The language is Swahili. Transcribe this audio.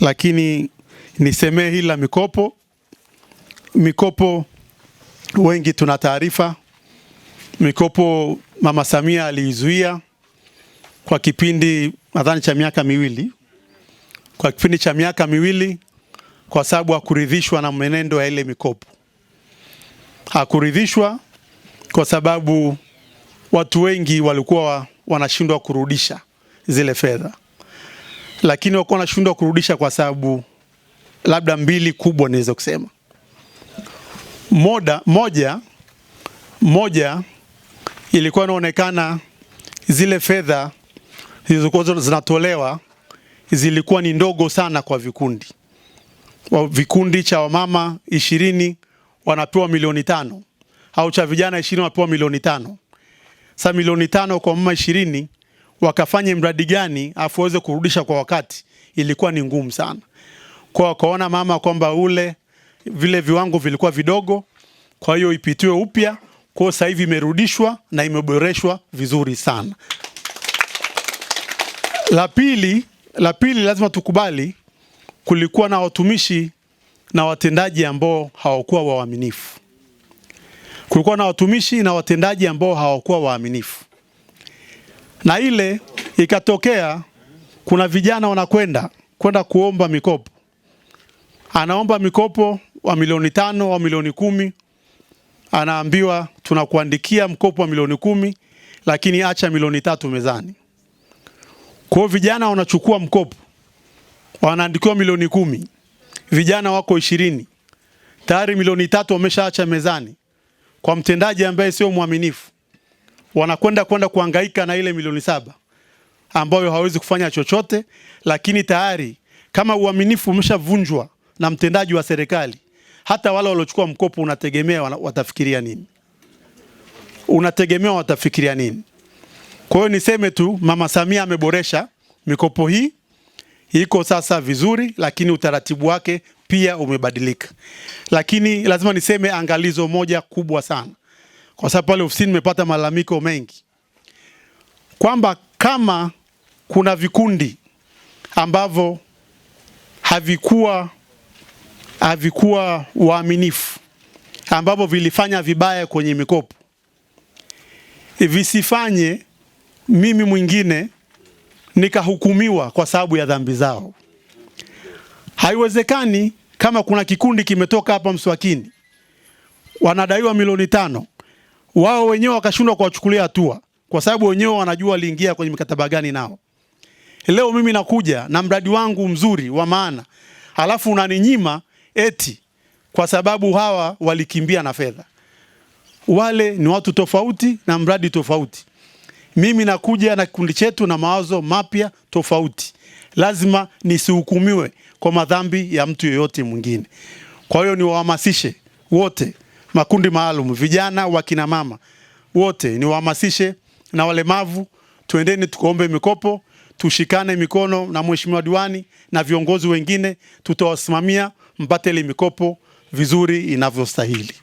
lakini nisemee hili la mikopo. Mikopo wengi tuna taarifa, mikopo Mama Samia aliizuia kwa kipindi nadhani cha miaka miwili, kwa kipindi cha miaka miwili kwa sababu hakuridhishwa na mwenendo ya ile mikopo. Hakuridhishwa kwa sababu watu wengi walikuwa wanashindwa kurudisha zile fedha lakini walikuwa wanashindwa kurudisha kwa sababu labda mbili kubwa naweza kusema. Moda, moja, moja ilikuwa inaonekana zile fedha zilizokuwa zinatolewa zilikuwa ni ndogo sana kwa vikundi. Vikundi cha wamama ishirini wanapewa milioni tano au cha vijana ishirini wanapewa milioni tano. Sasa milioni tano kwa mama ishirini wakafanye mradi gani afu waweze kurudisha kwa wakati, ilikuwa ni ngumu sana. Kwa wakaona mama kwamba ule vile viwango vilikuwa vidogo, kwa hiyo ipitiwe upya. Kwa sasa hivi imerudishwa na imeboreshwa vizuri sana. La pili, la pili lazima tukubali kulikuwa na watumishi na watendaji ambao hawakuwa waaminifu. Kulikuwa na watumishi na watendaji ambao hawakuwa waaminifu na ile ikatokea, kuna vijana wanakwenda kwenda kuomba mikopo, anaomba mikopo wa milioni tano wa milioni kumi, anaambiwa tunakuandikia mkopo wa milioni kumi, lakini acha milioni tatu mezani. Kwa hiyo vijana wanachukua mkopo, wanaandikiwa milioni kumi, vijana wako ishirini tayari milioni tatu wameshaacha mezani kwa mtendaji ambaye sio mwaminifu wanakwenda kwenda kuhangaika na ile milioni saba ambayo hawezi kufanya chochote, lakini tayari kama uaminifu umeshavunjwa na mtendaji wa serikali, hata wale waliochukua mkopo unategemea watafikiria nini? Unategemea watafikiria nini? Kwa hiyo niseme tu, Mama Samia ameboresha mikopo hii, iko sasa vizuri, lakini utaratibu wake pia umebadilika. Lakini lazima niseme angalizo moja kubwa sana kwa sababu pale ofisini nimepata malalamiko mengi kwamba kama kuna vikundi ambavyo havikuwa havikuwa waaminifu ambavyo vilifanya vibaya kwenye mikopo visifanye mimi mwingine nikahukumiwa kwa sababu ya dhambi zao. Haiwezekani kama kuna kikundi kimetoka hapa Mswakini wanadaiwa milioni tano, wao wenyewe wakashindwa kuwachukulia hatua, kwa sababu wenyewe wanajua waliingia kwenye mikataba gani nao. Leo mimi nakuja na mradi wangu mzuri wa maana, halafu unaninyima eti kwa sababu hawa walikimbia na fedha. Wale ni watu tofauti na mradi tofauti. Mimi nakuja na kikundi chetu na mawazo mapya tofauti. Lazima nisihukumiwe kwa madhambi ya mtu yoyote mwingine. Kwa hiyo niwahamasishe wote makundi maalum, vijana, wakina mama wote niwahamasishe, na walemavu, tuendeni tukaombe mikopo, tushikane mikono na mheshimiwa diwani na viongozi wengine, tutawasimamia mpate ile mikopo vizuri inavyostahili.